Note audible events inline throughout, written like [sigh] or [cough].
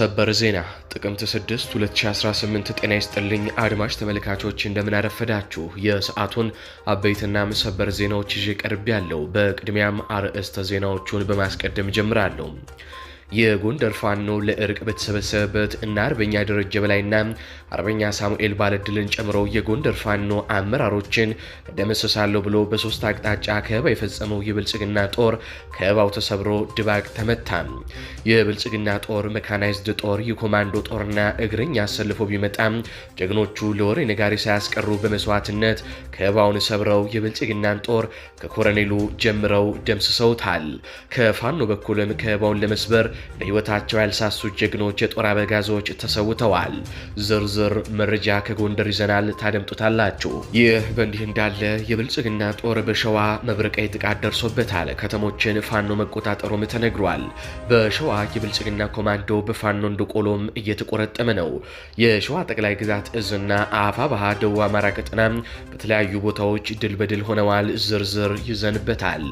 ሰበር ዜና ጥቅምት 6 2018። ጤና ይስጥልኝ አድማጭ ተመልካቾች እንደምን አረፈዳችሁ። የሰዓቱን አበይትና ሰበር ዜናዎች ይዤ ቀርቤ ያለው። በቅድሚያም አርዕስተ ዜናዎቹን በማስቀደም ጀምራለሁ። የጎንደር ፋኖ ለእርቅ በተሰበሰበበት እና አርበኛ ደረጀ በላይና አርበኛ ሳሙኤል ባለድልን ጨምሮ የጎንደር ፋኖ አመራሮችን ደመሰሳለሁ ብሎ በሶስት አቅጣጫ ከበባ የፈጸመው የብልጽግና ጦር ከበባው ተሰብሮ ድባቅ ተመታ። የብልጽግና ጦር መካናይዝድ ጦር፣ የኮማንዶ ጦርና እግረኛ አሰልፎ ቢመጣም ጀግኖቹ ለወሬ ነጋሪ ሳያስቀሩ በመስዋዕትነት ከበባውን ሰብረው የብልጽግናን ጦር ከኮረኔሉ ጀምረው ደምስሰውታል። ከፋኖ በኩልም ከበባውን ለመስበር በሕይወታቸው ያልሳሱ ጀግኖች የጦር አበጋዞች ተሰውተዋል። ዝርዝር መረጃ ከጎንደር ይዘናል፣ ታደምጡታላችሁ። ይህ በእንዲህ እንዳለ የብልጽግና ጦር በሸዋ መብረቃዊ ጥቃት ደርሶበታል። ከተሞችን ፋኖ መቆጣጠሩም ተነግሯል። በሸዋ የብልጽግና ኮማንዶ በፋኖ እንደቆሎም እየተቆረጠመ ነው። የሸዋ ጠቅላይ ግዛት እዝና አፋባሃ ደቡብ አማራ ቀጠና በተለያዩ ቦታዎች ድል በድል ሆነዋል። ዝርዝር ይዘንበታል።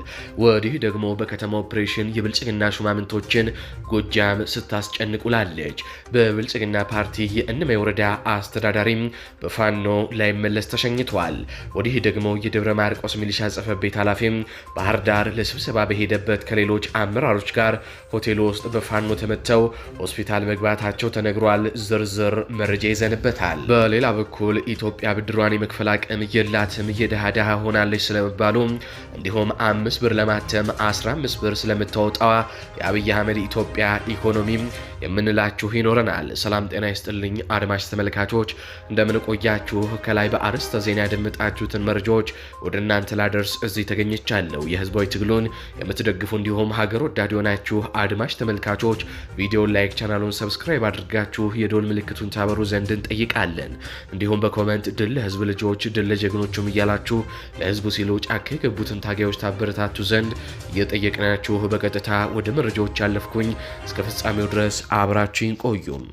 ወዲህ ደግሞ በከተማ ኦፕሬሽን የብልጽግና ሹማምንቶችን ጎጃም ስታስጨንቅ ውላለች። በብልጽግና ፓርቲ የእነማይ ወረዳ አስተዳዳሪም በፋኖ ላይመለስ ተሸኝቷል። ወዲህ ደግሞ የደብረ ማርቆስ ሚሊሻ ጽፈት ቤት ኃላፊም ባህር ዳር ለስብሰባ በሄደበት ከሌሎች አመራሮች ጋር ሆቴል ውስጥ በፋኖ ተመተው ሆስፒታል መግባታቸው ተነግሯል። ዝርዝር መረጃ ይዘንበታል። በሌላ በኩል ኢትዮጵያ ብድሯን የመክፈል አቅም የላትም የድሃ ድሃ ሆናለች ስለመባሉ እንዲሁም አምስት ብር ለማተም 15 ብር ስለምታወጣዋ የአብይ አህመድ ኢትዮጵያ የኢትዮጵያ ኢኮኖሚም የምንላችሁ ይኖረናል። ሰላም ጤና ይስጥልኝ አድማጭ ተመልካቾች፣ ቆያችሁ? ከላይ በአርዕስተ ዜና ያደመጣችሁትን መረጃዎች ወደ እናንተ ላደርስ እዚህ ተገኝቻለሁ። የህዝባዊ ትግሉን የምትደግፉ እንዲሁም ሀገር ወዳድ የሆናችሁ አድማጭ ተመልካቾች ቪዲዮን ላይክ፣ ቻናሉን ሰብስክራይብ አድርጋችሁ የዶል ምልክቱን ታበሩ ዘንድ እንጠይቃለን። እንዲሁም በኮመንት ድል ለህዝብ ልጆች፣ ድል ለጀግኖቹም እያላችሁ ለህዝቡ ሲሉ ጫካ የገቡትን ታጋዮች ታበረታቱ ዘንድ እየጠየቅናችሁ በቀጥታ ወደ መረጃዎች ያለፍኩኝ እስከ ፍጻሜው ድረስ አብራችን ቆዩም።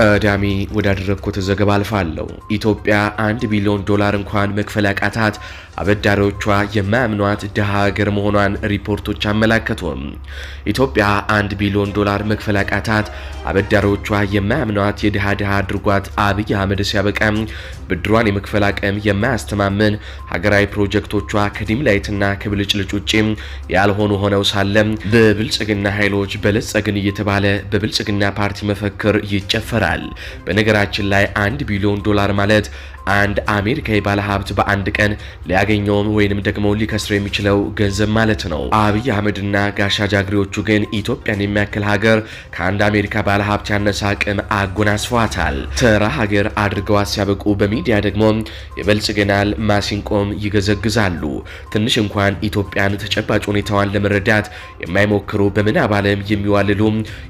ቀዳሚ ወዳደረግኩት ዘገባ አልፋለሁ። ኢትዮጵያ አንድ ቢሊዮን ዶላር እንኳን መክፈል ያቃታት አበዳሪዎቿ የማያምኗት ድሃ ሀገር መሆኗን ሪፖርቶች አመላከቱም። ኢትዮጵያ አንድ ቢሊዮን ዶላር መክፈል ያቃታት አበዳሪዎቿ የማያምኗት የድሃ ድሃ አድርጓት አብይ አህመድ ሲያበቃ ብድሯን የመክፈል አቅም የማያስተማምን ሀገራዊ ፕሮጀክቶቿ ላይትና ከብልጭልጭ ውጭ ያልሆኑ ሆነው ሳለም በብልጽግና ኃይሎች በለጸግን እየተባለ በብልጽግና ፓርቲ መፈክር ይጨፈራል። ይናገራል። በነገራችን ላይ አንድ ቢሊዮን ዶላር ማለት አንድ አሜሪካዊ ባለሀብት በአንድ ቀን ሊያገኘውም ወይንም ደግሞ ሊከስረው የሚችለው ገንዘብ ማለት ነው። አብይ አህመድና ጋሻ ጃግሬዎቹ ግን ኢትዮጵያን የሚያክል ሀገር ከአንድ አሜሪካ ባለሀብት ያነሰ አቅም አጎናስፏታል። ተራ ሀገር አድርገዋት ሲያበቁ በሚዲያ ደግሞ የበልጽግናል ማሲንቆም ይገዘግዛሉ። ትንሽ እንኳን ኢትዮጵያን ተጨባጭ ሁኔታዋን ለመረዳት የማይሞክሩ በምናብ ዓለም የሚዋልሉ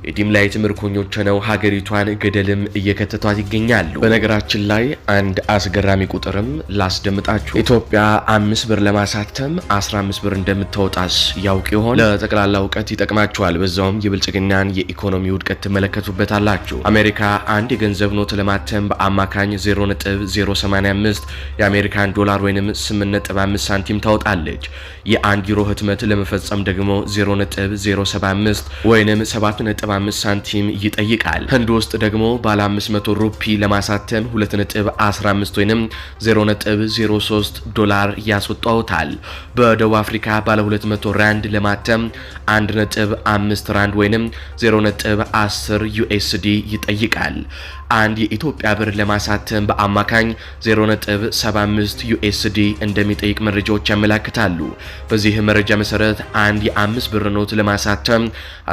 የዲምላይት ምርኮኞች ነው ሀገሪቷን ገደልም እየከተቷት ይገኛሉ። በነገራችን ላይ አንድ አስገራሚ ቁጥርም ላስደምጣችሁ። ኢትዮጵያ አምስት ብር ለማሳተም 15 ብር እንደምታወጣስ ያውቅ ይሆን? ለጠቅላላ እውቀት ይጠቅማችኋል። በዛውም የብልጽግናን የኢኮኖሚ ውድቀት ትመለከቱበታላችሁ። አሜሪካ አንድ የገንዘብ ኖት ለማተም በአማካኝ 0.085 የአሜሪካን ዶላር ወይም 8.5 ሳንቲም ታወጣለች። የአንድ ዩሮ ህትመት ለመፈጸም ደግሞ 0.075 ወይም 7.5 ሳንቲም ይጠይቃል። ህንድ ውስጥ ደግሞ ባለ 500 ሩፒ ለማሳተም 2.15 መንግስት ወይም 03 ዶላር ያስወጣውታል። በደቡብ አፍሪካ ባለ 200 ራንድ ለማተም 1.5 ራንድ ወይም አስር ዩኤስዲ ይጠይቃል። አንድ የኢትዮጵያ ብር ለማሳተም በአማካኝ 0.75 ዩኤስዲ እንደሚጠይቅ መረጃዎች ያመላክታሉ። በዚህ መረጃ መሰረት አንድ የ5 ብር ኖት ለማሳተም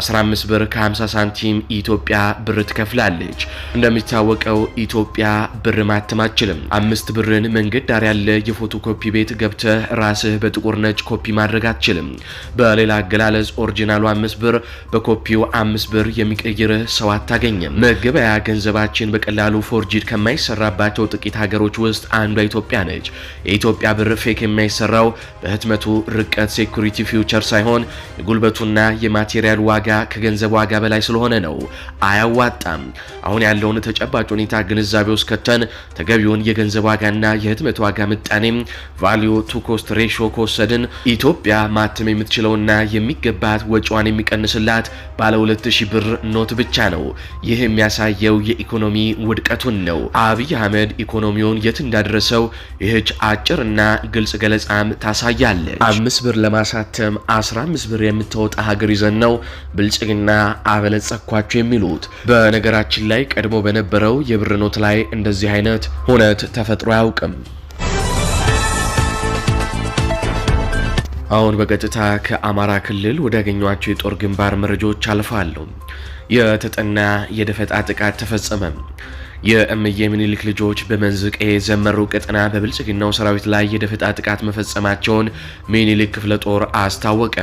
15 ብር ከ50 ሳንቲም ኢትዮጵያ ብር ትከፍላለች። እንደሚታወቀው ኢትዮጵያ ብር ማተም አችልም። አምስት ብርን መንገድ ዳር ያለ የፎቶ ኮፒ ቤት ገብተህ ራስህ በጥቁር ነጭ ኮፒ ማድረግ አትችልም። በሌላ አገላለጽ ኦሪጂናሉ አምስት ብር በኮፒው አምስት ብር የሚቀይርህ ሰው አታገኝም። መገበያ ገንዘባችን ዶላሮችን በቀላሉ ፎርጂድ ከማይሰራባቸው ጥቂት ሀገሮች ውስጥ አንዷ ኢትዮጵያ ነች። የኢትዮጵያ ብር ፌክ የማይሰራው በህትመቱ ርቀት ሴኩሪቲ ፊውቸር ሳይሆን የጉልበቱና የማቴሪያል ዋጋ ከገንዘብ ዋጋ በላይ ስለሆነ ነው። አያዋጣም። አሁን ያለውን ተጨባጭ ሁኔታ ግንዛቤ ውስጥ ከተን ተገቢውን የገንዘብ ዋጋና የህትመት ዋጋ ምጣኔም ቫሊዩ ቱ ኮስት ሬሾ ከወሰድን ኢትዮጵያ ማተም የምትችለውና የሚገባት ወጪዋን የሚቀንስላት ባለ 2000 ብር ኖት ብቻ ነው። ይህ የሚያሳየው የኢኮኖሚ ኢኮኖሚ ውድቀቱን ነው። አብይ አህመድ ኢኮኖሚውን የት እንዳደረሰው ይህች አጭርና ግልጽ ገለጻም ታሳያለች። አምስት ብር ለማሳተም 15 ብር የምታወጣ ሀገር ይዘን ነው ብልጽግና አበለጸኳቸው የሚሉት። በነገራችን ላይ ቀድሞ በነበረው የብር ኖት ላይ እንደዚህ አይነት ሁነት ተፈጥሮ አያውቅም። አሁን በቀጥታ ከአማራ ክልል ወዳገኟቸው የጦር ግንባር መረጃዎች አልፋለሁ። የተጠና የደፈጣ ጥቃት ተፈጸመ። የእምዬ ምኒልክ ልጆች በመንዝቄ ዘመሩ ቀጠና በብልጽግናው ሰራዊት ላይ የደፈጣ ጥቃት መፈጸማቸውን ምኒልክ ክፍለ ጦር አስታወቀ።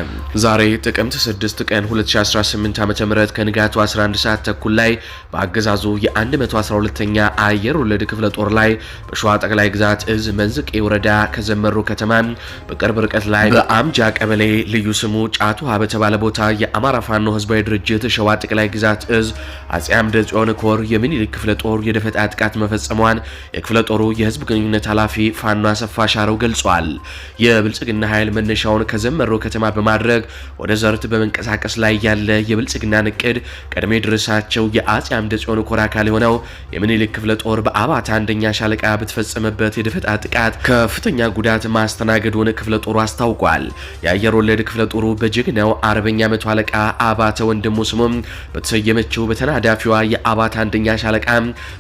ዛሬ ጥቅምት 6 ቀን 2018 ዓ.ም ከንጋቱ 11 ሰዓት ተኩል ላይ በአገዛዙ የ112ኛ አየር ወለድ ክፍለ ጦር ላይ በሸዋ ጠቅላይ ግዛት እዝ መንዝቄ ወረዳ ከዘመሩ ከተማ በቅርብ ርቀት ላይ በአምጃ ቀበሌ ልዩ ስሙ ጫቱሃ በተባለ ቦታ የአማራ ፋኖ ህዝባዊ ድርጅት ሸዋ ጠቅላይ ግዛት እዝ አጼ አምደ ጽዮን ኮር የምኒልክ ክፍለ ጦር የደፈጣ ጥቃት መፈጸሟን የክፍለ ጦሩ የህዝብ ግንኙነት ኃላፊ ፋኖ አሰፋ ሻረው ገልጿል። የብልጽግና ኃይል መነሻውን ከዘመሮ ከተማ በማድረግ ወደ ዘርት በመንቀሳቀስ ላይ ያለ የብልጽግና ንቅድ ቀድሜ የደረሳቸው የአጼ አምደ ጽዮን ኮር አካል የሆነው የምኒልክ ክፍለ ጦር በአባታ አንደኛ ሻለቃ በተፈጸመበት የደፈጣ ጥቃት ከፍተኛ ጉዳት ማስተናገዱን ክፍለ ጦሩ አስታውቋል። የአየር ወለድ ክፍለ ጦሩ በጀግናው አርበኛ መቶ አለቃ አባተ ወንድሙ ስሙም በተሰየመችው በተናዳፊዋ የአባታ አንደኛ ሻለቃ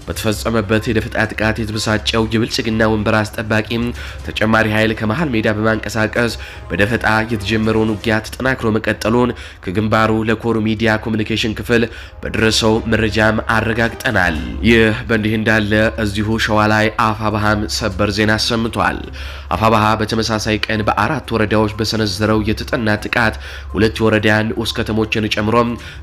በተፈጸመበት የደፈጣ ጥቃት የተበሳጨው የብልጽግና ወንበር አስጠባቂም ተጨማሪ ኃይል ከመሃል ሜዳ በማንቀሳቀስ በደፈጣ የተጀመረውን ውጊያ ተጠናክሮ መቀጠሉን ከግንባሩ ለኮሩ ሚዲያ ኮሚኒኬሽን ክፍል በደረሰው መረጃም አረጋግጠናል። ይህ በእንዲህ እንዳለ እዚሁ ሸዋ ላይ አፋባሃም ሰበር ዜና ሰምቷል። አፋባሃ በተመሳሳይ ቀን በአራት ወረዳዎች በሰነዘረው የተጠና ጥቃት ሁለት የወረዳ ንዑስ ከተሞችን ጨምሮ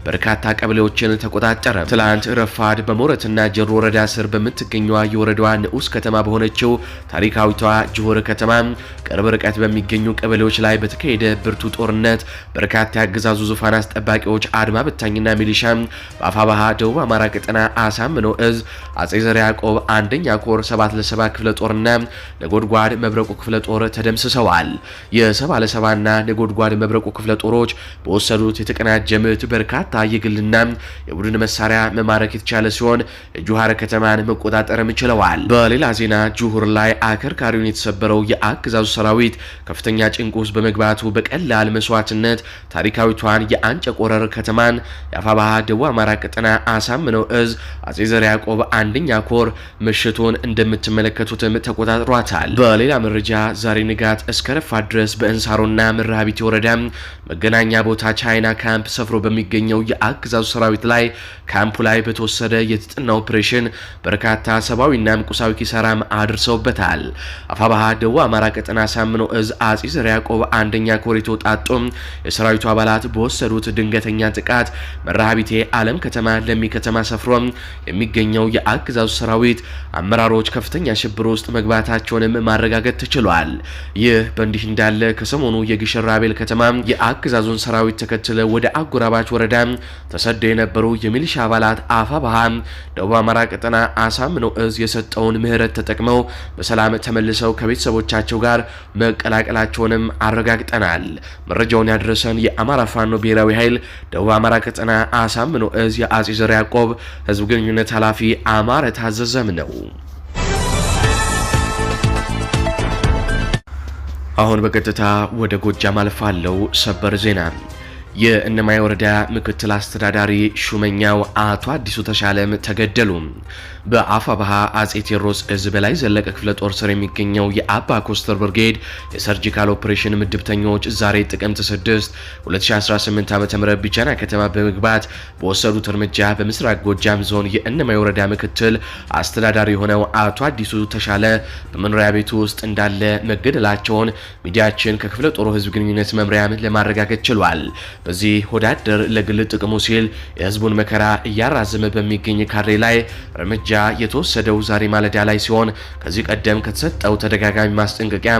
በርካታ ቀበሌዎችን ተቆጣጠረ። ትላንት ረፋድ በሞረትና ጀሮ ወረዳ ስር በምትገኘዋ የወረዳዋ ንዑስ ከተማ በሆነችው ታሪካዊቷ ጆሆር ከተማ ቅርብ ርቀት በሚገኙ ቀበሌዎች ላይ በተካሄደ ብርቱ ጦርነት በርካታ ያገዛዙ ዙፋን አስጠባቂዎች አድማ በታኝና ሚሊሻ በአፋባሃ ደቡብ አማራ ቀጠና አሳምነው እዝ አጼ ዘር ያዕቆብ አንደኛ ኮር 7 ለ7 ክፍለ ጦርና ነጎድጓድ መብረቁ ክፍለ ጦር ተደምስሰዋል። የ7 7 ነጎድጓድ መብረቁ ክፍለ ጦሮች በወሰዱት የተቀናጀ ምት በርካታ የግልና የቡድን መሳሪያ መማረክ የተቻለ ሲሆን እጁሃ ሐረር ከተማን መቆጣጠርም ችለዋል። በሌላ ዜና ጁሁር ላይ አከርካሪውን የተሰበረው የአገዛዙ ሰራዊት ከፍተኛ ጭንቅ ውስጥ በመግባቱ በቀላል መስዋዕትነት ታሪካዊቷን የአንጨ ቆረር ከተማን የአፋባሃ ደቡብ አማራ ቀጠና አሳምነው እዝ አጼ ዘር ያዕቆብ አንደኛ ኮር ምሽቱን እንደምትመለከቱትም ተቆጣጥሯታል። በሌላ መረጃ ዛሬ ንጋት እስከ ረፋት ድረስ በእንሳሮና ምርሃቢት ወረዳ መገናኛ ቦታ ቻይና ካምፕ ሰፍሮ በሚገኘው የአገዛዙ ሰራዊት ላይ ካምፑ ላይ በተወሰደ የተጠና ኦፕሬሽን ኃይሎችን በርካታ ሰብአዊና ቁሳዊ ኪሳራም አድርሰውበታል። አፋባሃ ደቡብ አማራ ቀጠና ሳምኖ እዝ አጼ ዘርዓ ያዕቆብ አንደኛ ኮሪቶ ጣጦ የሰራዊቱ አባላት በወሰዱት ድንገተኛ ጥቃት መራሃቢቴ አለም ከተማ ለሚ ከተማ ሰፍሮ የሚገኘው የአገዛዙ ሰራዊት አመራሮች ከፍተኛ ሽብር ውስጥ መግባታቸውንም ማረጋገጥ ተችሏል። ይህ በእንዲህ እንዳለ ከሰሞኑ የግሽራቤል ከተማ የአገዛዙን ሰራዊት ተከትለ ወደ አጎራባች ወረዳ ተሰደው የነበሩ የሚሊሻ አባላት አፋባሃ ደቡብ አማራ ቀጠና አሳምነው እዝ የሰጠውን ምህረት ተጠቅመው በሰላም ተመልሰው ከቤተሰቦቻቸው ጋር መቀላቀላቸውንም አረጋግጠናል። መረጃውን ያደረሰን የአማራ ፋኖ ብሔራዊ ኃይል ደቡብ አማራ ቀጠና አሳምነው እዝ የአጼ ዘር ያዕቆብ ህዝብ ግንኙነት ኃላፊ አማረ ታዘዘም ነው። አሁን በቀጥታ ወደ ጎጃም አልፋለው። ሰበር ዜና የእነማይ ወረዳ ምክትል አስተዳዳሪ ሹመኛው አቶ አዲሱ ተሻለም ተገደሉ። በአፋባሃ አጼ ቴዎድሮስ እዝ በላይ ዘለቀ ክፍለ ጦር ስር የሚገኘው የአባ ኮስተር ብርጌድ የሰርጂካል ኦፕሬሽን ምድብተኞች ዛሬ ጥቅምት 6 2018 ዓ ም ከተማ በመግባት በወሰዱት እርምጃ በምስራቅ ጎጃም ዞን የእነማይ ወረዳ ምክትል አስተዳዳሪ የሆነው አቶ አዲሱ ተሻለ በመኖሪያ ቤቱ ውስጥ እንዳለ መገደላቸውን ሚዲያችን ከክፍለ ጦሩ ህዝብ ግንኙነት መምሪያም ለማረጋገጥ ችሏል። በዚህ ወዳደር ለግል ጥቅሙ ሲል የህዝቡን መከራ እያራዘመ በሚገኝ ካድሬ ላይ እርምጃ የተወሰደው ዛሬ ማለዳ ላይ ሲሆን ከዚህ ቀደም ከተሰጠው ተደጋጋሚ ማስጠንቀቂያ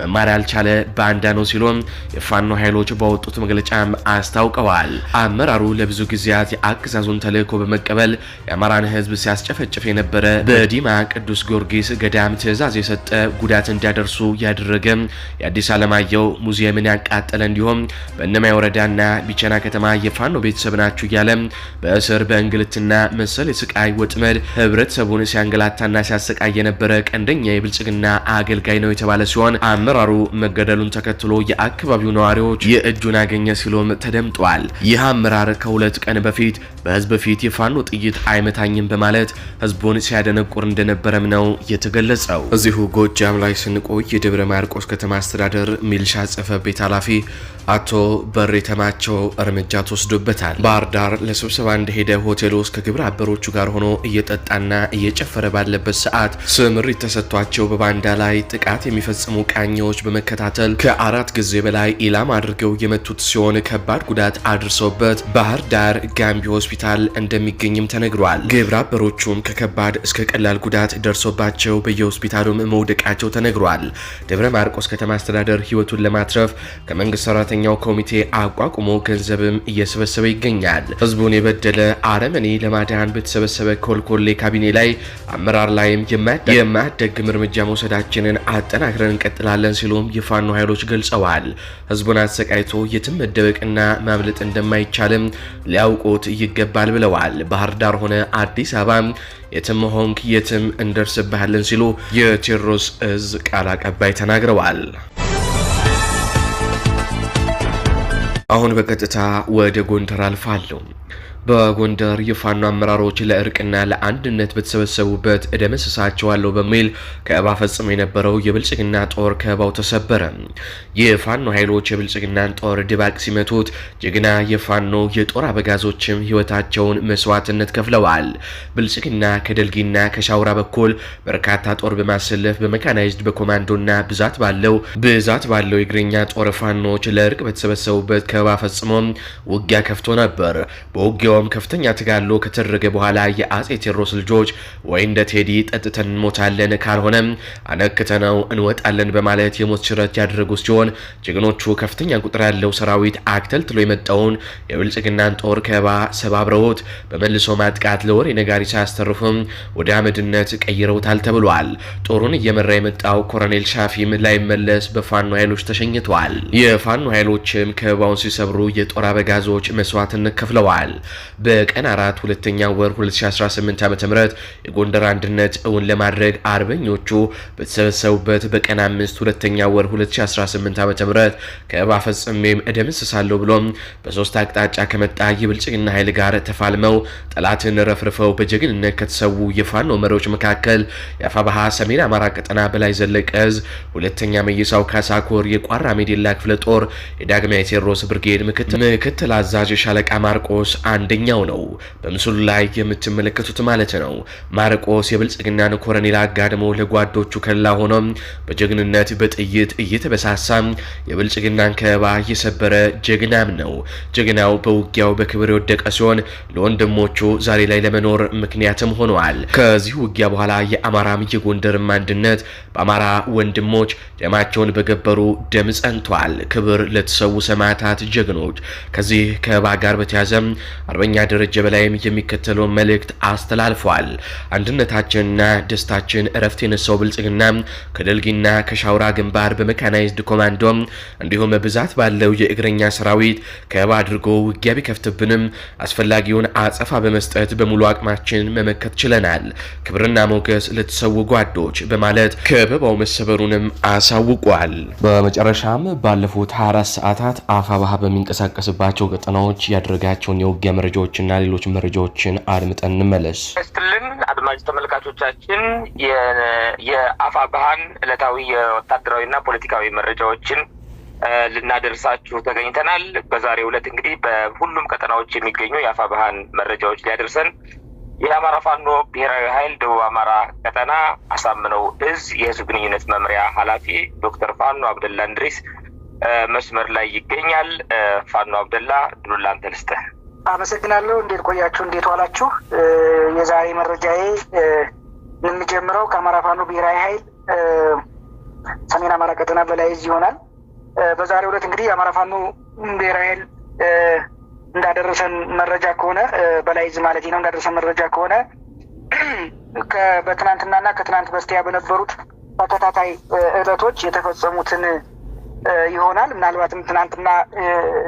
መማር ያልቻለ ባንዳ ነው ሲሉም የፋኖ ኃይሎች በወጡት መግለጫ አስታውቀዋል። አመራሩ ለብዙ ጊዜያት የአገዛዙን ተልዕኮ በመቀበል የአማራን ህዝብ ሲያስጨፈጭፍ የነበረ በዲማ ቅዱስ ጊዮርጊስ ገዳም ትዕዛዝ የሰጠ ጉዳት እንዲያደርሱ ያደረገ የአዲስ አለማየሁ ሙዚየምን ያቃጠለ እንዲሁም በእነማይ ወረዳና ቢቸና ከተማ የፋኖ ቤተሰብ ናችሁ እያለ በእስር በእንግልትና መሰል የስቃይ ወጥመድ ህብረተሰቡን ሲያንገላታና ሲያሰቃይ የነበረ ቀንደኛ የብልጽግና አገልጋይ ነው የተባለ ሲሆን አመራሩ መገደሉን ተከትሎ የአካባቢው ነዋሪዎች የእጁን አገኘ ሲሉም ተደምጧል። ይህ አመራር ከሁለት ቀን በፊት በህዝብ ፊት የፋኖ ጥይት አይመታኝም በማለት ህዝቡን ሲያደነቁር እንደነበረም ነው የተገለጸው። እዚሁ ጎጃም ላይ ስንቆይ የደብረ ማርቆስ ከተማ አስተዳደር ሚልሻ ጽሕፈት ቤት ኃላፊ አቶ በሬ ተማ በበኩላቸው እርምጃ ተወስዶበታል። ባህር ዳር ለስብሰባ እንደሄደ ሆቴል ውስጥ ከግብረ አበሮቹ ጋር ሆኖ እየጠጣና እየጨፈረ ባለበት ሰዓት ስምሪት ተሰጥቷቸው በባንዳ ላይ ጥቃት የሚፈጽሙ ቃኛዎች በመከታተል ከአራት ጊዜ በላይ ኢላማ አድርገው የመቱት ሲሆን ከባድ ጉዳት አድርሰውበት ባህር ዳር ጋምቢ ሆስፒታል እንደሚገኝም ተነግሯል። ግብረ አበሮቹም ከከባድ እስከ ቀላል ጉዳት ደርሶባቸው በየሆስፒታሉም መውደቃቸው ተነግሯል። ደብረ ማርቆስ ከተማ አስተዳደር ህይወቱን ለማትረፍ ከመንግስት ሰራተኛው ኮሚቴ አቋቁ አቁሞ ገንዘብም እየሰበሰበ ይገኛል። ህዝቡን የበደለ አረመኔ ለማዳን በተሰበሰበ ኮልኮሌ ካቢኔ ላይ አመራር ላይም የማያዳግም እርምጃ መውሰዳችንን አጠናክረን እንቀጥላለን ሲሉም የፋኖ ኃይሎች ገልጸዋል። ህዝቡን አሰቃይቶ የትም መደበቅና ማምለጥ እንደማይቻልም ሊያውቁት ይገባል ብለዋል። ባህር ዳር ሆነ አዲስ አበባ የትም ሆንክ የትም እንደርስብሃለን ሲሉ የቴዎድሮስ እዝ ቃል አቀባይ ተናግረዋል። አሁን በቀጥታ ወደ ጎንደር አልፋለሁ። በጎንደር የፋኖ አመራሮች ለእርቅና ለአንድነት በተሰበሰቡበት እደመስሳቸዋለሁ በሚል ከበባ ፈጽሞ የነበረው የብልጽግና ጦር ከበባው ተሰበረ። የፋኖ ኃይሎች የብልጽግናን ጦር ድባቅ ሲመቱት ጀግና የፋኖ የጦር አበጋዞችም ህይወታቸውን መስዋዕትነት ከፍለዋል። ብልጽግና ከደልጊና ከሻውራ በኩል በርካታ ጦር በማሰለፍ በመካናይዝድ በኮማንዶና ብዛት ባለው ብዛት ባለው የእግረኛ ጦር ፋኖች ለእርቅ በተሰበሰቡበት ከበባ ፈጽሞ ውጊያ ከፍቶ ነበር። በውጊያ እንዲያውም ከፍተኛ ተጋድሎ ከተደረገ በኋላ የአጼ ቴዎድሮስ ልጆች ወይ እንደ ቴዲ ጠጥተን እንሞታለን፣ ካልሆነም አነክተነው እንወጣለን በማለት የሞት ሽረት ያደረጉ ሲሆን ጀግኖቹ ከፍተኛ ቁጥር ያለው ሰራዊት አክተልትሎ የመጣውን የብልጽግናን ጦር ከባ ሰባብረውት በመልሶ ማጥቃት ለወሬ ነጋሪ ሳያስተርፉም ወደ አመድነት ቀይረውታል ተብሏል። ጦሩን እየመራ የመጣው ኮሎኔል ሻፊም ላይመለስ በፋኖ ኃይሎች ተሸኝተዋል። የፋኖ ኃይሎችም ከበባውን ሲሰብሩ የጦር አበጋዞች መስዋዕትነት ከፍለዋል። በቀን አራት ሁለተኛ ወር 2018 ዓ.ም የጎንደር አንድነት እውን ለማድረግ አርበኞቹ በተሰበሰቡበት በቀን አምስት ሁለተኛ ወር 2018 ዓ.ም ከባፈጽሜም እደመስሳለሁ ብሎም በሶስት አቅጣጫ ከመጣ የብልጽግና ኃይል ጋር ተፋልመው ጠላትን ረፍርፈው በጀግንነት ከተሰዉ የፋኖ መሪዎች መካከል የአፋባሃ ሰሜን አማራ ቀጠና በላይ ዘለቀ እዝ ሁለተኛ መይሳው ካሳኮር የቋራ ሜዴላ ክፍለ ጦር የዳግማዊ ቴዎድሮስ ብርጌድ ምክትል አዛዥ ሻለቃ ማርቆስ አንድ አንደኛው ነው። በምስሉ ላይ የምትመለከቱት ማለት ነው። ማርቆስ የብልጽግናን ኮረኔል አጋድሞ ለጓዶቹ ከላ ሆኖ በጀግንነት በጥይት እየተበሳሳ የብልጽግናን ከበባ እየሰበረ ጀግናም ነው። ጀግናው በውጊያው በክብር የወደቀ ሲሆን ለወንድሞቹ ዛሬ ላይ ለመኖር ምክንያትም ሆኗል። ከዚህ ውጊያ በኋላ የአማራም የጎንደርም አንድነት በአማራ ወንድሞች ደማቸውን በገበሩ ደም ጸንቷል። ክብር ለተሰዉ ሰማዕታት ጀግኖች። ከዚህ ከበባ ጋር በተያዘም አርበኛ ደረጀ በላይም የሚከተለውን መልእክት አስተላልፏል። አንድነታችንና ደስታችን እረፍት የነሳው ብልጽግና ከደልጊና ከሻውራ ግንባር በመካናይዝድ ኮማንዶ እንዲሁም ብዛት ባለው የእግረኛ ሰራዊት ከባ አድርጎ ውጊያ ቢከፍትብንም አስፈላጊውን አጸፋ በመስጠት በሙሉ አቅማችን መመከት ችለናል። ክብርና ሞገስ ለተሰዉ ጓዶች በማለት ከበባው መሰበሩንም አሳውቋል። በመጨረሻም ባለፉት 24 ሰዓታት አፋባሃ በሚንቀሳቀስባቸው ቀጠናዎች ያደረጋቸውን የውጊያ መረጃ መረጃዎችና ሌሎች መረጃዎችን አድምጠን እንመለስ። ስትልን አድማጭ ተመልካቾቻችን የአፋ ባህን ዕለታዊ የወታደራዊና ፖለቲካዊ መረጃዎችን ልናደርሳችሁ ተገኝተናል። በዛሬው ዕለት እንግዲህ በሁሉም ቀጠናዎች የሚገኙ የአፋ ባህን መረጃዎች ሊያደርሰን የአማራ ፋኖ ብሔራዊ ኃይል ደቡብ አማራ ቀጠና አሳምነው እዝ የህዝብ ግንኙነት መምሪያ ኃላፊ ዶክተር ፋኖ አብደላ እንድሪስ መስመር ላይ ይገኛል። ፋኖ አብደላ ድሉላን ተልስተ አመሰግናለሁ። እንዴት ቆያችሁ? እንዴት ዋላችሁ? የዛሬ መረጃዬ የምጀምረው ከአማራ ፋኖ ብሔራዊ ኃይል ሰሜን አማራ ቀጠና በላይ እዝ ይሆናል። በዛሬ ዕለት እንግዲህ የአማራ ፋኖ ብሔራዊ ኃይል እንዳደረሰን መረጃ ከሆነ በላይ እዝ ማለት ነው እንዳደረሰን መረጃ ከሆነ በትናንትናና ከትናንት በስቲያ በነበሩት ተከታታይ ዕለቶች የተፈጸሙትን ይሆናል። ምናልባትም ትናንትና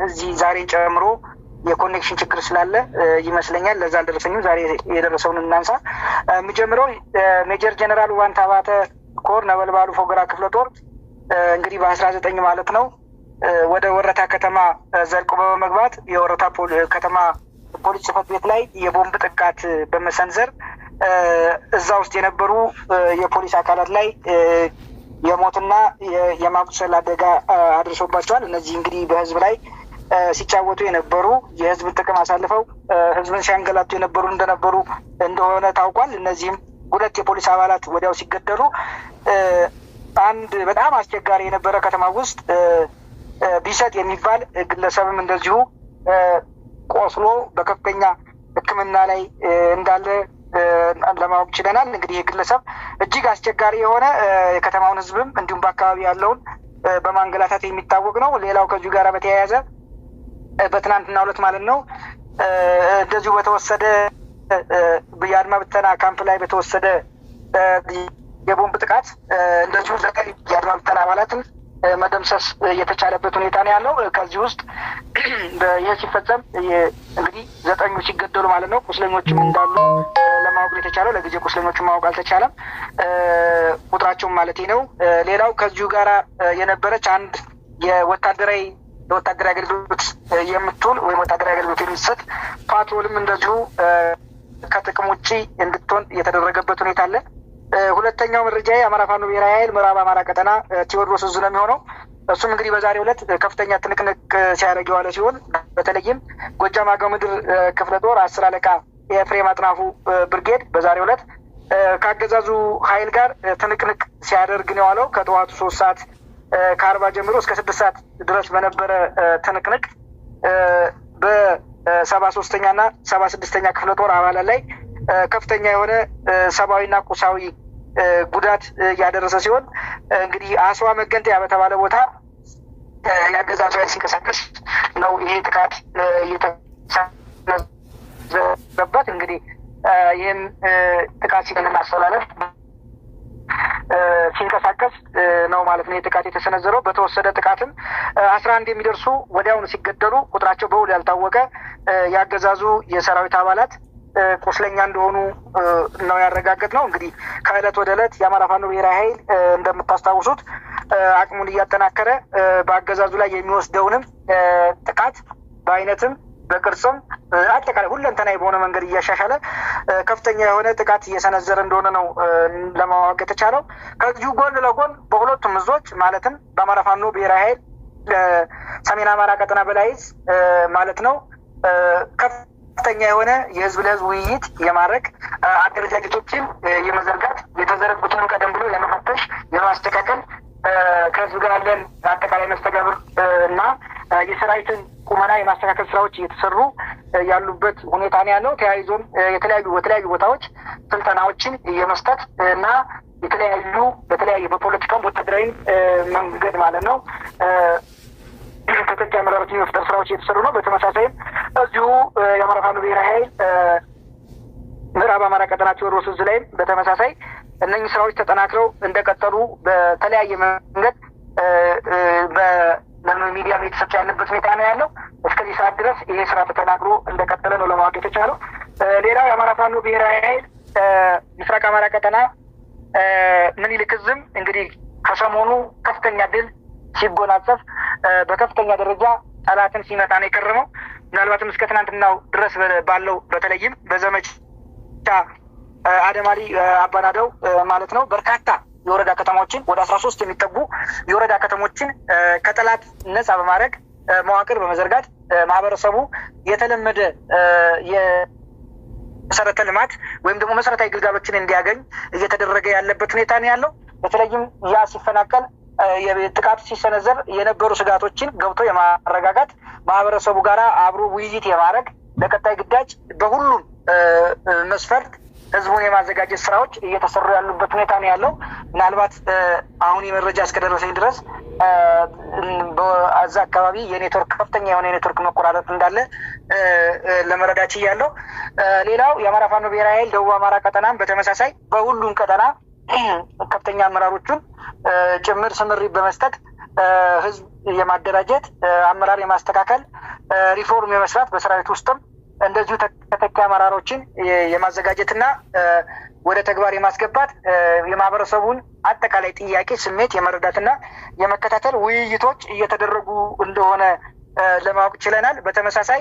እዚህ ዛሬን ጨምሮ የኮኔክሽን ችግር ስላለ ይመስለኛል ለዛ አልደረሰኝም። ዛሬ የደረሰውን እናንሳ። የሚጀምረው ሜጀር ጀነራል ዋንታ ባተ ኮር ነበልባሉ ፎገራ ክፍለ ጦር እንግዲህ በአስራ ዘጠኝ ማለት ነው ወደ ወረታ ከተማ ዘልቆ በመግባት የወረታ ከተማ ፖሊስ ጽፈት ቤት ላይ የቦምብ ጥቃት በመሰንዘር እዛ ውስጥ የነበሩ የፖሊስ አካላት ላይ የሞትና የማቁሰል አደጋ አድርሶባቸዋል። እነዚህ እንግዲህ በህዝብ ላይ ሲጫወቱ የነበሩ የህዝብን ጥቅም አሳልፈው ህዝብን ሲያንገላቱ የነበሩ እንደነበሩ እንደሆነ ታውቋል። እነዚህም ሁለት የፖሊስ አባላት ወዲያው ሲገደሉ አንድ በጣም አስቸጋሪ የነበረ ከተማ ውስጥ ቢሰጥ የሚባል ግለሰብም እንደዚሁ ቆስሎ በከፍተኛ ሕክምና ላይ እንዳለ ለማወቅ ችለናል። እንግዲህ ይህ ግለሰብ እጅግ አስቸጋሪ የሆነ የከተማውን ህዝብም እንዲሁም በአካባቢ ያለውን በማንገላታት የሚታወቅ ነው። ሌላው ከዚሁ ጋር በተያያዘ በትናንትና ሁለት ማለት ነው እንደዚሁ በተወሰደ የአድማ ብተና ካምፕ ላይ በተወሰደ የቦምብ ጥቃት እንደዚሁ ዘጠኝ የአድማ ብተና አባላትን መደምሰስ የተቻለበት ሁኔታ ነው ያለው። ከዚህ ውስጥ ይህ [clears throat] ሲፈጸም እንግዲህ ዘጠኙ ሲገደሉ ማለት ነው ቁስለኞችም እንዳሉ ለማወቅ የተቻለው ለጊዜ ቁስለኞችን ማወቅ አልተቻለም፣ ቁጥራቸውም ማለት ነው። ሌላው ከዚሁ ጋራ የነበረች አንድ የወታደራዊ ለወታደራዊ አገልግሎት የምትውል ወይም ወታደራዊ አገልግሎት የምትሰጥ ፓትሮልም እንደዚሁ ከጥቅም ውጭ እንድትሆን የተደረገበት ሁኔታ አለ። ሁለተኛው መረጃ የአማራ ፋኖ ብሔራዊ ኃይል ምዕራብ አማራ ቀጠና ቴዎድሮስ እዙ ነው የሚሆነው። እሱም እንግዲህ በዛሬው ዕለት ከፍተኛ ትንቅንቅ ሲያደርግ የዋለ ሲሆን በተለይም ጎጃም አገው ምድር ክፍለ ጦር አስር አለቃ የኤፍሬም አጥናፉ ብርጌድ በዛሬው ዕለት ከአገዛዙ ኃይል ጋር ትንቅንቅ ሲያደርግ ነው የዋለው ከጠዋቱ ሶስት ሰዓት ከአርባ ጀምሮ እስከ ስድስት ሰዓት ድረስ በነበረ ትንቅንቅ በሰባ ሶስተኛ ና ሰባ ስድስተኛ ክፍለ ጦር አባላት ላይ ከፍተኛ የሆነ ሰብአዊና ቁሳዊ ጉዳት እያደረሰ ሲሆን እንግዲህ አስዋ መገንጠያ በተባለ ቦታ የአገዛዙ ኃይል ሲንቀሳቀስ ነው ይሄ ጥቃት እየተሰነዘረበት። እንግዲህ ይህም ጥቃት ሲሆን ማስተላለፍ ሲንቀሳቀስ ነው ማለት ነው ጥቃት የተሰነዘረው። በተወሰደ ጥቃትም አስራ አንድ የሚደርሱ ወዲያውኑ ሲገደሉ ቁጥራቸው በውል ያልታወቀ ያገዛዙ የሰራዊት አባላት ቁስለኛ እንደሆኑ ነው ያረጋገጥ ነው። እንግዲህ ከእለት ወደ እለት የአማራ ፋኖ ብሔራዊ ኃይል እንደምታስታውሱት አቅሙን እያጠናከረ በአገዛዙ ላይ የሚወስደውንም ጥቃት በአይነትም በቅርጹም አጠቃላይ ሁለንተናዊ በሆነ መንገድ እያሻሻለ ከፍተኛ የሆነ ጥቃት እየሰነዘረ እንደሆነ ነው ለማወቅ የተቻለው። ከዚሁ ጎን ለጎን በሁለቱም እዞች ማለትም በአማራ ፋኖ ብሔራዊ ኃይል ሰሜን አማራ ቀጠና በላይዝ ማለት ነው ከፍተኛ የሆነ የህዝብ ለህዝብ ውይይት የማድረግ አደረጃጀቶችን የመዘርጋት የተዘረጉትን ቀደም ብሎ የመፈተሽ የማስተካከል ከህዝብ ጋር ያለን አጠቃላይ መስተጋብር እና የሰራዊትን ቁመና የማስተካከል ስራዎች እየተሰሩ ያሉበት ሁኔታ ነው ያለው። ተያይዞም የተለያዩ በተለያዩ ቦታዎች ስልጠናዎችን እየመስጠት እና የተለያዩ በተለያየ በፖለቲካም ወታደራዊ መንገድ ማለት ነው ተተኪ አመራሮች የመፍጠር ስራዎች እየተሰሩ ነው። በተመሳሳይም እዚሁ የአማራ ፋኖ ብሔራዊ ኃይል ምዕራብ አማራ ቀጠና ቴዎድሮስ እዝ ላይም በተመሳሳይ እነኚህ ስራዎች ተጠናክረው እንደቀጠሉ በተለያየ መንገድ ሚዲያ ቤተሰብ ያለበት ሁኔታ ነው ያለው። እስከዚህ ሰዓት ድረስ ይሄ ስራ ተጠናክሮ እንደቀጠለ ነው ለማወቅ የተቻለው። ሌላው የአማራ ፋኖ ብሔራዊ ኃይል ምስራቅ አማራ ቀጠና ምኒልክ ዕዝም እንግዲህ ከሰሞኑ ከፍተኛ ድል ሲጎናጸፍ በከፍተኛ ደረጃ ጠላትን ሲመጣ ነው የቀረመው። ምናልባትም እስከ ትናንትናው ድረስ ባለው በተለይም በዘመቻ አደማሪ አባናደው ማለት ነው በርካታ የወረዳ ከተማዎችን ወደ አስራ ሶስት የሚጠጉ የወረዳ ከተሞችን ከጠላት ነፃ በማድረግ መዋቅር በመዘርጋት ማህበረሰቡ የተለመደ የመሰረተ ልማት ወይም ደግሞ መሰረታዊ ግልጋሎችን እንዲያገኝ እየተደረገ ያለበት ሁኔታ ነው ያለው። በተለይም ያ ሲፈናቀል ጥቃት ሲሰነዘር የነበሩ ስጋቶችን ገብቶ የማረጋጋት ማህበረሰቡ ጋር አብሮ ውይይት የማድረግ ለቀጣይ ግዳጅ በሁሉም መስፈርት ህዝቡን የማዘጋጀት ስራዎች እየተሰሩ ያሉበት ሁኔታ ነው ያለው። ምናልባት አሁን የመረጃ እስከደረሰኝ ድረስ በዛ አካባቢ የኔትወርክ ከፍተኛ የሆነ የኔትወርክ መቆራረጥ እንዳለ ለመረዳት እያለው፣ ሌላው የአማራ ፋኖ ብሔራዊ ኃይል ደቡብ አማራ ቀጠናም በተመሳሳይ በሁሉም ቀጠና [clears throat] ከፍተኛ አመራሮቹን ጭምር ስምሪ በመስጠት ህዝብ የማደራጀት አመራር የማስተካከል ሪፎርም የመስራት በሰራዊት ውስጥም እንደዚሁ ተተኪ አመራሮችን የማዘጋጀትና ወደ ተግባር የማስገባት የማህበረሰቡን አጠቃላይ ጥያቄ፣ ስሜት የመረዳትና የመከታተል ውይይቶች እየተደረጉ እንደሆነ ለማወቅ ችለናል። በተመሳሳይ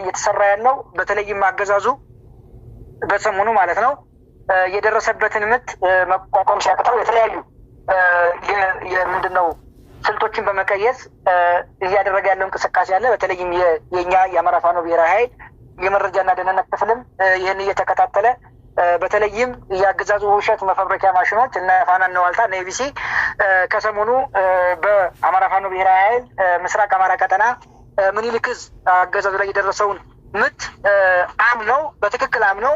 እየተሰራ ያለው በተለይም አገዛዙ በሰሞኑ ማለት ነው የደረሰበትን ምት መቋቋም ሲያቅተው የተለያዩ ምንድን ነው ስልቶችን በመቀየስ እያደረገ ያለው እንቅስቃሴ አለ። በተለይም የእኛ የአማራ ፋኖ ብሔራዊ ኃይል የመረጃና ደህንነት ክፍልም ይህን እየተከታተለ በተለይም የአገዛዙ ውሸት መፈብረኪያ ማሽኖች እነ ፋና እነ እነ ኤቢሲ ከሰሞኑ በአማራ ፋኖ ብሔራዊ ኃይል ምስራቅ አማራ ቀጠና ምኒልክ ዕዝ አገዛዙ ላይ የደረሰውን ምት አምነው በትክክል አምነው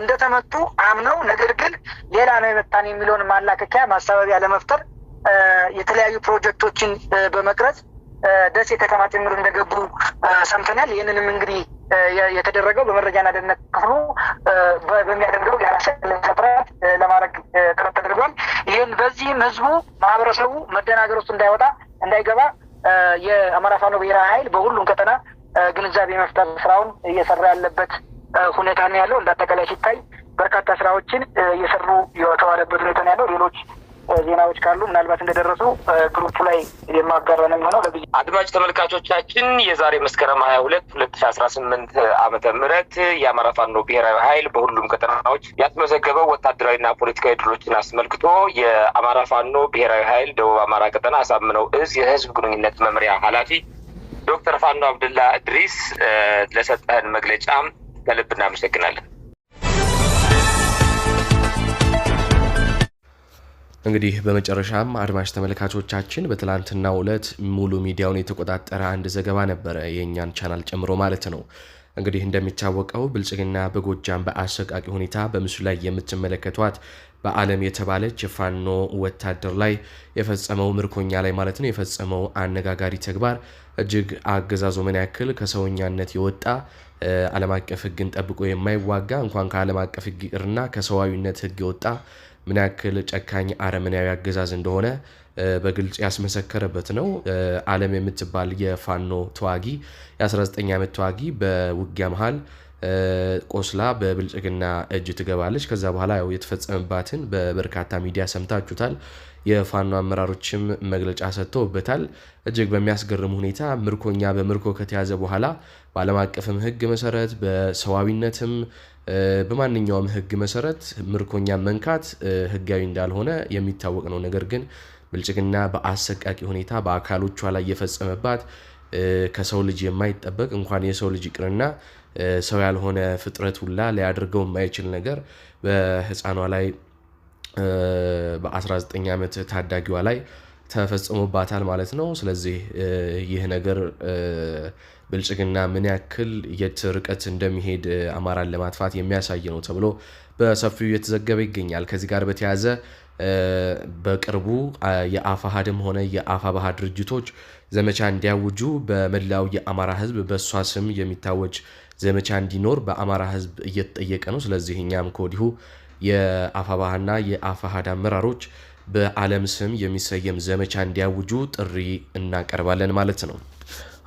እንደተመቱ አምነው ነገር ግን ሌላ ነው የመጣን የሚለውን ማላከኪያ ማሳበቢያ ለመፍጠር የተለያዩ ፕሮጀክቶችን በመቅረጽ ደሴ ከተማ ጭምር እንደገቡ ሰምተናል። ይህንንም እንግዲህ የተደረገው በመረጃና ደህንነት ክፍሉ በሚያደርገው የራሳለን ጥረት ለማድረግ ጥረት ተደርጓል። ይህን በዚህም ህዝቡ ማህበረሰቡ መደናገር ውስጥ እንዳይወጣ እንዳይገባ የአማራ ፋኖ ብሔራዊ ኃይል በሁሉም ቀጠና ግንዛቤ መፍጠር ስራውን እየሰራ ያለበት ሁኔታ ነው ያለው። እንዳጠቃላይ ሲታይ በርካታ ስራዎችን እየሰሩ የተዋለበት ሁኔታ ነው ያለው። ሌሎች ዜናዎች ካሉ ምናልባት እንደደረሱ ግሩፕ ላይ የማጋራ ነው የሚሆነው። አድማጭ ተመልካቾቻችን የዛሬ መስከረም ሀያ ሁለት ሁለት ሺ አስራ ስምንት አመተ ምህረት የአማራ ፋኖ ብሔራዊ ኃይል በሁሉም ቀጠናዎች ያስመዘገበው ወታደራዊና ፖለቲካዊ ድሎችን አስመልክቶ የአማራ ፋኖ ብሔራዊ ኃይል ደቡብ አማራ ቀጠና አሳምነው እዝ የህዝብ ግንኙነት መምሪያ ኃላፊ ዶክተር ፋኖ አብዱላ እድሪስ ለሰጠህን መግለጫ ከልብ እናመሰግናለን። እንግዲህ በመጨረሻም አድማጭ ተመልካቾቻችን በትላንትናው ዕለት ሙሉ ሚዲያውን የተቆጣጠረ አንድ ዘገባ ነበረ፣ የእኛን ቻናል ጨምሮ ማለት ነው። እንግዲህ እንደሚታወቀው ብልጽግና በጎጃም በአሰቃቂ ሁኔታ በምስሉ ላይ የምትመለከቷት በዓለም የተባለች የፋኖ ወታደር ላይ የፈጸመው ምርኮኛ ላይ ማለት ነው የፈጸመው አነጋጋሪ ተግባር እጅግ አገዛዙ ምን ያክል ከሰውኛነት የወጣ ዓለም አቀፍ ሕግን ጠብቆ የማይዋጋ እንኳን ከዓለም አቀፍ ሕግ ይቅርና ከሰዋዊነት ሕግ የወጣ ምን ያክል ጨካኝ አረመናዊ አገዛዝ እንደሆነ በግልጽ ያስመሰከረበት ነው። አለም የምትባል የፋኖ ተዋጊ የ19 ዓመት ተዋጊ በውጊያ መሀል ቆስላ በብልጽግና እጅ ትገባለች። ከዛ በኋላ ያው የተፈጸመባትን በበርካታ ሚዲያ ሰምታችሁታል። የፋኖ አመራሮችም መግለጫ ሰጥተውበታል። እጅግ በሚያስገርም ሁኔታ ምርኮኛ በምርኮ ከተያዘ በኋላ በዓለም አቀፍም ሕግ መሰረት በሰዋዊነትም በማንኛውም ሕግ መሰረት ምርኮኛ መንካት ሕጋዊ እንዳልሆነ የሚታወቅ ነው። ነገር ግን ብልጽግና በአሰቃቂ ሁኔታ በአካሎቿ ላይ የፈጸመባት ከሰው ልጅ የማይጠበቅ እንኳን የሰው ልጅ ይቅርና ሰው ያልሆነ ፍጥረት ሁላ ሊያደርገው የማይችል ነገር በህፃኗ ላይ በ19 ዓመት ታዳጊዋ ላይ ተፈጽሞባታል ማለት ነው። ስለዚህ ይህ ነገር ብልጽግና ምን ያክል የት ርቀት እንደሚሄድ አማራን ለማጥፋት የሚያሳይ ነው ተብሎ በሰፊው እየተዘገበ ይገኛል። ከዚህ ጋር በተያያዘ በቅርቡ የአፋሃድም ሆነ የአፋባሃ ድርጅቶች ዘመቻ እንዲያውጁ በመላው የአማራ ሕዝብ በእሷ ስም የሚታወጅ ዘመቻ እንዲኖር በአማራ ሕዝብ እየተጠየቀ ነው። ስለዚህ እኛም ከወዲሁ የአፋባህና የአፋሃድ አመራሮች በዓለም ስም የሚሰየም ዘመቻ እንዲያውጁ ጥሪ እናቀርባለን ማለት ነው።